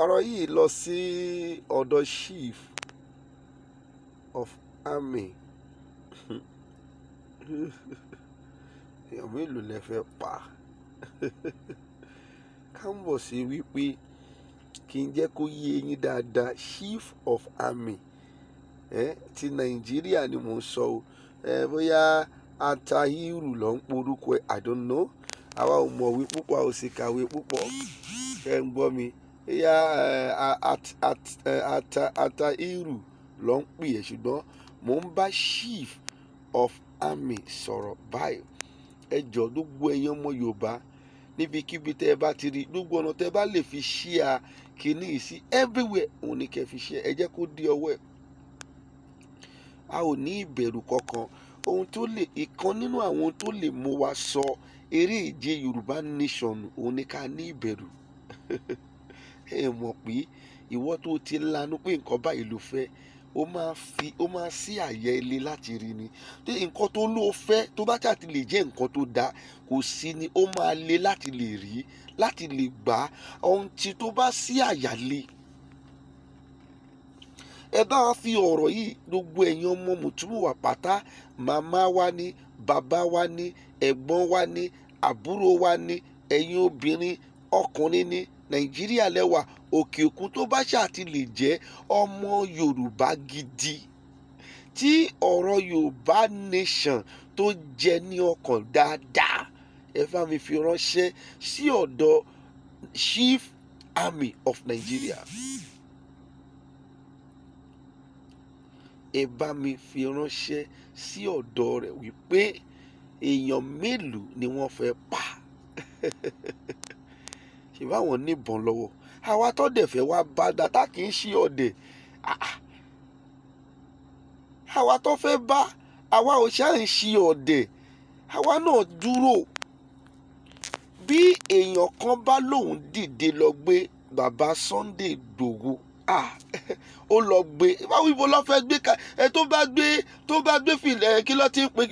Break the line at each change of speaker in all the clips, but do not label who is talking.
ọ̀rọ̀ yìí lọ sí ọ̀dọ̀ chief of army èèyàn mélòó lẹ fẹ́ pa kámbọ̀sí wípé kí n jẹ́ kó yé yín dáadáa chief of army eh, ti nàìjíríà ni mò ń sọ o eh, bóyá atahiru ló ń porúkọ ẹ̀ i don't know àwa ò mọ̀wé púpọ̀ a ò kàwé púpọ̀ ẹ̀ ń gbọ́ mi ìyá eh, eh, ata iru ló ń pè é ṣùgbọ́n mò ń bá chief of army sọ̀rọ̀ báyìí ẹ jọ gbogbo ẹ̀yin ọmọ yorùbá níbikíbi tẹ́ ẹ bá ti rí gbogbo ọ̀nà tẹ́ ẹ bá lè fi ṣíà kínní sí everywhere òun ni kẹ́ fi ṣe ẹ jẹ́ kó dé ọwọ́ ẹ̀ a ò ní ìbẹ̀rù kankan ohun tó lè ìkan nínú àwọn tó lè mú wa sọ eré ìje yorùbá nation òun ni ká ní ìbẹ̀rù ẹ mọ̀ pé ìwọ tó ti lanu pé nǹkan báyìí ló fẹ́ ó máa fi ó máa sí àyè ilé láti rí ni tí nǹkan tó ló fẹ́ tó bá ṣàti lè jẹ́ nǹkan tó dáa kò sí ni ó máa le láti lè rí láti lè gbà á ohun tí tó bá sí àyà ẹ bá wa fi ọ̀rọ̀ yìí gbogbo ẹ̀yin ọmọ mùtúmùwà pátá màmá wa ni bàbá wa ni ẹ̀gbọ́n wa ni àbúrò wa ni ẹ̀yin obìnrin ọkùnrin ni nàìjíríà lẹ́wà òkè òkun tó bá ṣàti lè jẹ́ ọmọ yorùbá gidi tí ọ̀rọ̀ yorùbá nation tó jẹ ní ọkàn dáadáa ẹ bá mi fi ránṣẹ́ sí ọ̀dọ̀ chief army of nigeria ẹ bá mi fi ránṣẹ́ sí ọ̀dọ̀ rẹ̀ wípé èèyàn mélòó ni wọ́n fẹ́ pa ṣe báwọn níbọn lọ́wọ́ àwa tó dẹ̀ fẹ́ wá bá dá tá kì í ṣe ọdẹ àwa tó fẹ́ bá àwa ò ṣáà ń ṣe ọdẹ àwa náà dúró bí èèyàn kan bá lòun dìde lọ gbé bàbá Sunday Igboho ó lọ gbé báwo ibo lọ fẹ́ gbé ẹ tó bá gbé tó bá gbé filẹ kí ló ti ń pè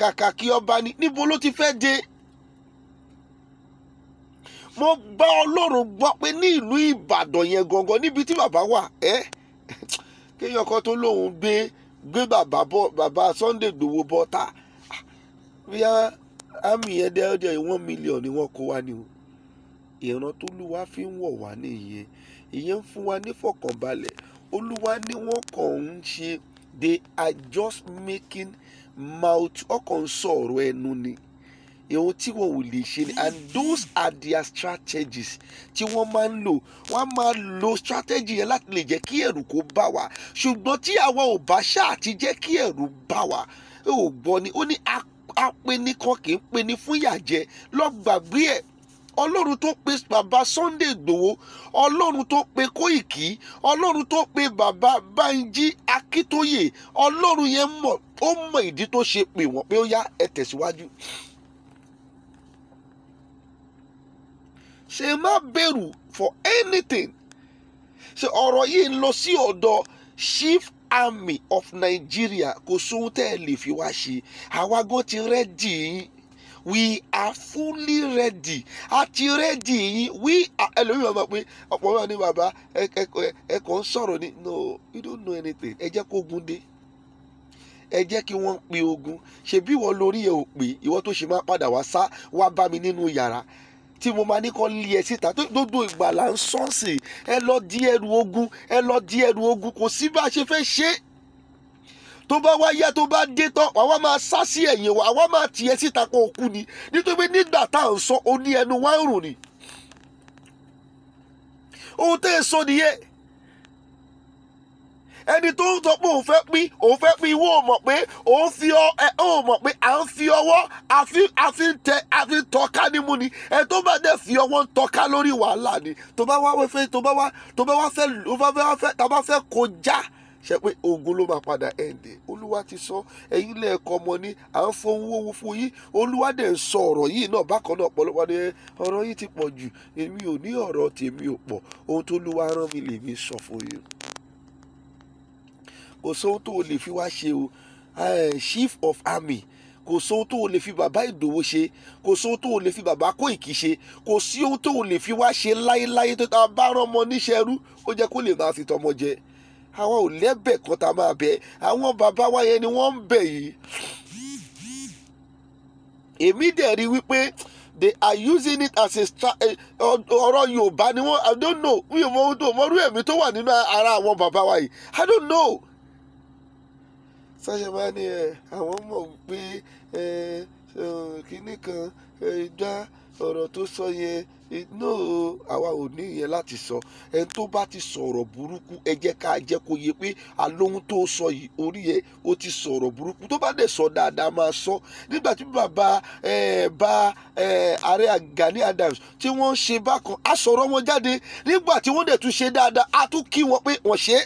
kàkà kí ọba ni níbo ló ti fẹ́ dé mo bá ọlọ́run gbọ́ pé ní ìlú ìbàdàn yẹn gangan níbi tí bàbá wà ẹ́ kéèyàn kan tó lóun gbé gbé bàbá bọ́ bàbá Sunday Igboho bọ́ta bíyà àmì yẹn dẹ́ ọdẹ one million ni wọ́n kó wá ni o ìran tó lúwa fi ń wọ̀ wá nìyẹn ìyẹn ń fún wa nífọ̀kànbalẹ̀ olúwa ni wọ́n kàn ń ṣe they are just making mouth ọkàn sọ̀rọ̀ ẹnu ni ohun tí wọn ò lè ṣe ni and those are their strategies tí wọ́n máa ń lò wọ́n máa lo strategy yẹn láti lè jẹ́ kí ẹ̀rù kó bá wa ṣùgbọ́n tí àwa ò bá ṣáà ti jẹ́ kí ẹ̀rù bá wa ò gbọ́ ni ó ní apẹni kan kì í peni fún ìyàjẹ lọ gbàgbé ẹ̀ ọlọ́run tó pe bàbá Sunday Igboho ọlọ́run tó pe Kóìkì ọlọ́run tó pe bàbá Banji Akíntóyè ọlọ́run yẹn mọ̀ ó mọ ìdí tó ṣe pè wọ́n pé ó yá ẹ tẹ̀síwájú. ṣe má bẹ̀rù for anything ṣe ọ̀rọ̀ yìí ń lọ sí ọ̀dọ̀ chief army of Nigeria kò sóhun tẹ́ ẹ lè fi wá ṣe àwa gan ti rẹ́dì yín we are fully ready a ti rẹ́dì yín we are ẹlòmíràn máa pé ọ̀pọ̀ mìíràn ní bàbá ẹ kàn ń sọ̀rọ̀ ni no you don't know anything ẹ jẹ́ kó gun dé ẹ jẹ́ kí wọ́n pe ogun ṣebí ìwọ lórí ẹ ò pé ìwọ tó ṣe máa padà wá sá wá bá mi nínú yàrá tí mo máa ní kọ́ lé ẹ síta gbogbo ìgbà là ń sọ́ọ̀sì ẹ lọ di ẹrù ogun ẹ lọ di ẹrù ogun kò sí bá a ṣe fẹ́ ṣe é tó bá wá yá tó bá dé tán àwa máa sá sí ẹ̀yìn wa àwa máa tiẹ̀ síta kó o kú ni nítorí pé nígbà tá à ń sọ o ní ẹnu wá ń rùn ni ohun tẹ́ ẹ sọ nìyẹn ẹni tó ń sọ pé òun fẹ́ pín òun fẹ́ pín ìwọ mọ̀ pé òun fi ọ ẹ ó mọ̀ pé à ń fi ọwọ́ àfi ń tẹ àfi tọ́ka nímú ni ẹ tó bá dẹ̀ fi ọwọ́ ń tọ́ka lórí wàhálà ni tó bá wá fẹ́ tó bá wá tó bá wá fẹ́ tó bá fẹ́ tá bá fẹ́ kọjá ṣe pé ogun ló máa padà ẹ̀ǹdẹ̀ olúwa ti sọ ẹ̀yin lẹ́ẹ̀kọ́ ọmọ ní à ń fowó owó fún yín olúwa dẹ̀ ń sọ ọ̀rọ̀ yìí náà bákan náà ọ̀pọ̀lọpọ̀ ni ọ̀rọ̀ yìí ti pọ̀ jù èmi ò ní ọ̀rọ̀ tèmi ò pọ̀ ohun tó lúwa rán mi lèmi sọ fún yín kò sóhun tó o lè fi wá ṣe o eh, chief of army kò sóhun tó o lè fi bàbá ìdòwò ṣe kò sóhun tó o lè fi bàbá Kóìkì ṣe kò sí ohun tó o lè fi wá ṣe láéláé tó ta bá rọmọ níṣẹrú ó jẹ kó lè máa fi tọmọ jẹ àwọn ò lẹ́bẹ̀ kan tá a máa bẹ àwọn bàbá wa yẹn ni wọ́n ń bẹ̀ yìí èmi dẹ̀ rí wípé they are using it as a stra eh, ọ̀rọ̀ Yorùbá ni wọ́n I don't know mi ò mọ ohun tó mọ́rú ẹ̀mí tó wà nínú ara àwọn bàbá wa yìí I don't know sọ́sẹ̀ bá ní ẹ̀ àwọn mọ̀ pé kínní kan gbá ọ̀rọ̀ tó sọ yẹn no àwa ò ní yẹn láti sọ ẹni tó bá ti sọ̀rọ̀ burúkú ẹ jẹ́ ká jẹ́ kó yẹ pé alóhun tó sọ yìí orí yẹ ó ti sọ̀rọ̀ burúkú tó bá dẹ̀ sọ dáadáa máa sọ nígbà tí bàbá ẹ bá ẹ ààrẹ Gani Adams tí wọ́n ń ṣe bákan a sọ̀rọ̀ wọn jáde nígbà tí wọ́n dẹ̀ tún ṣe dáadáa a tún kí wọn pé wọ́n ṣe é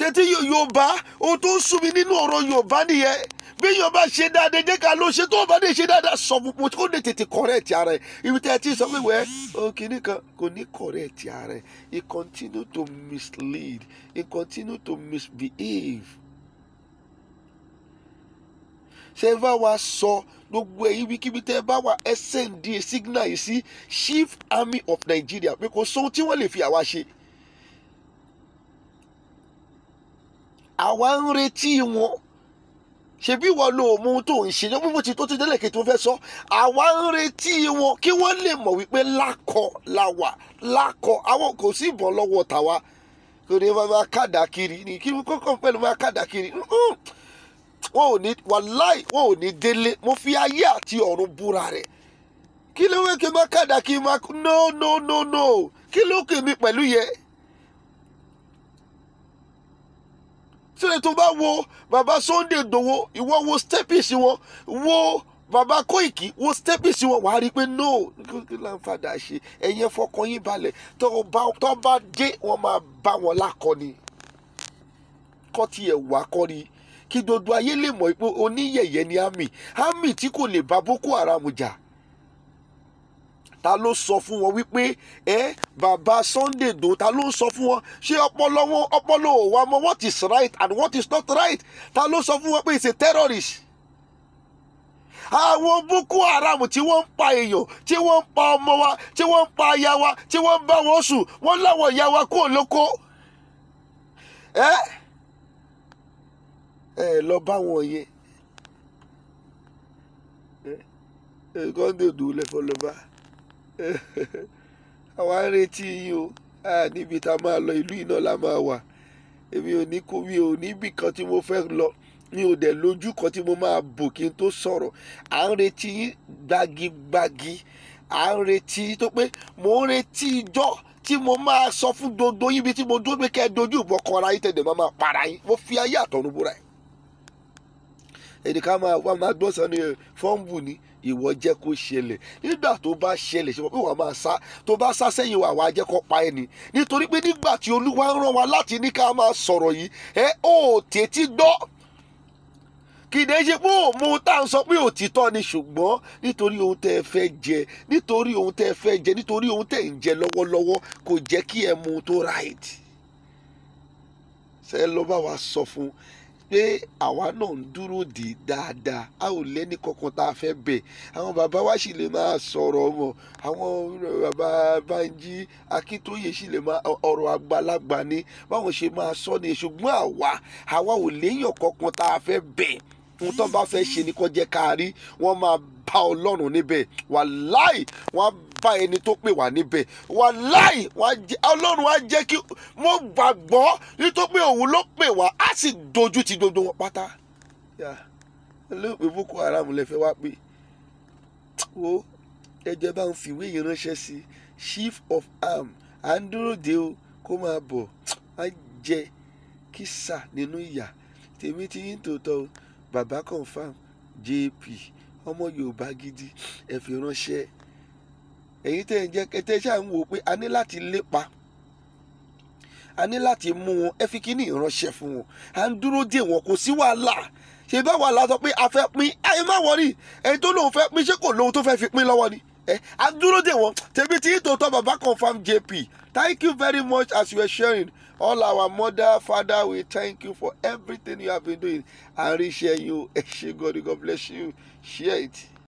tètè yorùbá ohun tó ń sún mi nínú ọ̀rọ̀ yorùbá nìyẹn bí yorùbá ṣe dáadáa jẹ́ ká ló ṣe tó bá dé ṣe dáadáa sọ mo kó lè tètè correct ara ẹ̀ ibi tẹ́ ẹ ti sọ pé wẹ́ òkìní kan kò ní correct ara ẹ̀ he continue to mislead he continue to misbehave ṣe bá wa sọ gbogbo ẹ̀yin ibikíbi tẹ́ bá wa ẹ send díẹ̀ signal yìí sí chief army of Nigeria pé kò sóhun tí wọ́n lè fi àwa ṣe àwa ń retí wọn ṣebí ìwọ ló mú ohun tó ń ṣe ní bó ti tó ti délẹ̀ kí tó fẹ́ sọ àwa ń retí wọn kí wọ́n lè mọ̀ wípé lákọ̀ la wà lákọ̀ àwọn kò sí ìbọn lọ́wọ́ tàwa kò ní máa kàdà kiri ní kí wọ́n kọ́kọ́ pẹ̀lú máa kàdà kiri wọn ò ní wàláì wọn ò ní délé mo fi ayé àti ọ̀run búra rẹ̀ kí ló wẹ́ kí n máa kàdà kí n máa no no no no kí ló kè mí pẹ̀lú yẹn. sílẹ̀ tó bá wo bàbá Sunday Igboho ìwọ wo stepish wọn wo bàbá Koiki wo stepish wọn wàá rí i pé no kí ló ń fàdà ṣe ẹ̀yẹ fọkàn yín balẹ̀ tó bá dé wọn máa bá wọn lákọni kọ́ tiẹ̀ wá kọ́ ni kí gbogbo ayé lè mọ̀ pé oníyẹ̀yẹ́ ni àmì àmì tí kò lè bá Boko Haram jà ta ló sọ fún wọn wípé ẹ bàbá Sunday Igboho ta ló ń sọ fún wọn ṣé ọpọlọ wọn ọpọlọ ò wá mọ what is right and what is not right ta ló sọ fún wọn pé it's a terrorist àwọn boko haram tí wọ́n ń pa èèyàn tí wọ́n ń pa ọmọ wa tí wọ́n ń pa aya wa tí wọ́n ń bá wọn sùn wọ́n láwọn ìyá wa kó lóko ẹ ẹ lọ bá wọn yẹn ẹ kọ́ńdé dùn lẹ́fọ́ lọ́ba àwa ń retí yín o a níbi tá a máa lọ ìlú iná la máa wà èmi ò ní kó mi ò níbì kan tí mo fẹ́ lọ mi ò dẹ̀ lójú kan tí mo máa bò kí n tó sọ̀rọ̀ à ń retí yín gbagigbagi à ń retí tó pé mò ń retí ijọ́ tí mo máa sọ fún gbogbo yín bí tí mo dúró pé kẹ́ ẹ dojú ìbọn kan yín tẹ̀lé máa máa para yín mo fi ayé àtọ̀run yín èdè ká máa wá máa gbọ́n sọ fọ́ǹbù ni ìwọ jẹ́ kó ṣẹlẹ̀ nígbà tó bá ṣẹlẹ̀ ṣe mọ̀ pé wàá máa sá tó bá sá sẹ́yìn wà wàá jẹ́ kó pa ẹ́ ni nítorí pé nígbà tí olúwa ń rán wa láti ní ká máa sọ̀rọ̀ yìí ẹ ò tètè gbọ́ kìdé ṣe pé òun tá à ń sọ pé òtítọ́ ni ṣùgbọ́n nítorí ohun tẹ́ ẹ fẹ́ jẹ nítorí ohun tẹ́ ẹ fẹ́ jẹ nítorí ohun tẹ́ ẹ ń jẹ lọ́wọ́lọ́wọ́ kò jẹ́ kí ẹ mu tó ráìdì ṣe lọ́ bá wa sọ fún un pé àwa náà ń dúró dè dáadáa a ò lẹ́ni kankan tá a fẹ́ bẹ̀ àwọn bàbá wa sì lè máa sọ̀rọ̀ wọn àwọn eh, bàbá Bánjí Akíntóyè sì lè máa ọ̀rọ̀ àgbàlagbà ni báwọn ṣe máa sọ ni ṣùgbọ́n àwa àwa ò léèyàn kankan tá a fẹ́ bẹ̀ ohun tó bá fẹ́ ṣe ni kò jẹ́ ká rí wọ́n máa bá ọlọ́run níbẹ̀ wàláì wọ́n á bá ẹni tó pè wá níbẹ̀ wàláì ọlọ́run á jẹ́ kí mo gbàgbọ́ nítorí pé òun ló pè wá á sì dojú ti gbogbo wọn pátá. ló boko haram lè fẹ́ wá pé wo ẹjẹ́ bá ń fìwé yìí ránṣẹ́ sí chief of arm à o kó máa bọ̀ á jẹ kísà nínú ìyà tèmi ti yín tòótọ́ o jp ọmọ yorùbá gidi ẹ ránṣẹ́ èyí tẹ́ ẹ jẹ́ kẹtẹ́ ṣáà ń wò pé a ní láti lépa a ní láti mú wọn ẹ fi kíní ìránṣẹ́ fún wọn à ń dúró dè wọn kò sí wàhálà ṣe bá wàhálà sọ pé a fẹ́ pín ẹ má wọrí ẹni tó lóun fẹ́ pín ṣé kò lóun tó fẹ́ fi pín lọ́wọ́ ni ẹ à ń dúró dè wọn tèmi tí tòótọ́ bàbá confam jp thank you very much as you are sharing all our mother father we thank you for everything you have been doing and reach you ẹ ṣé god god bless you share it.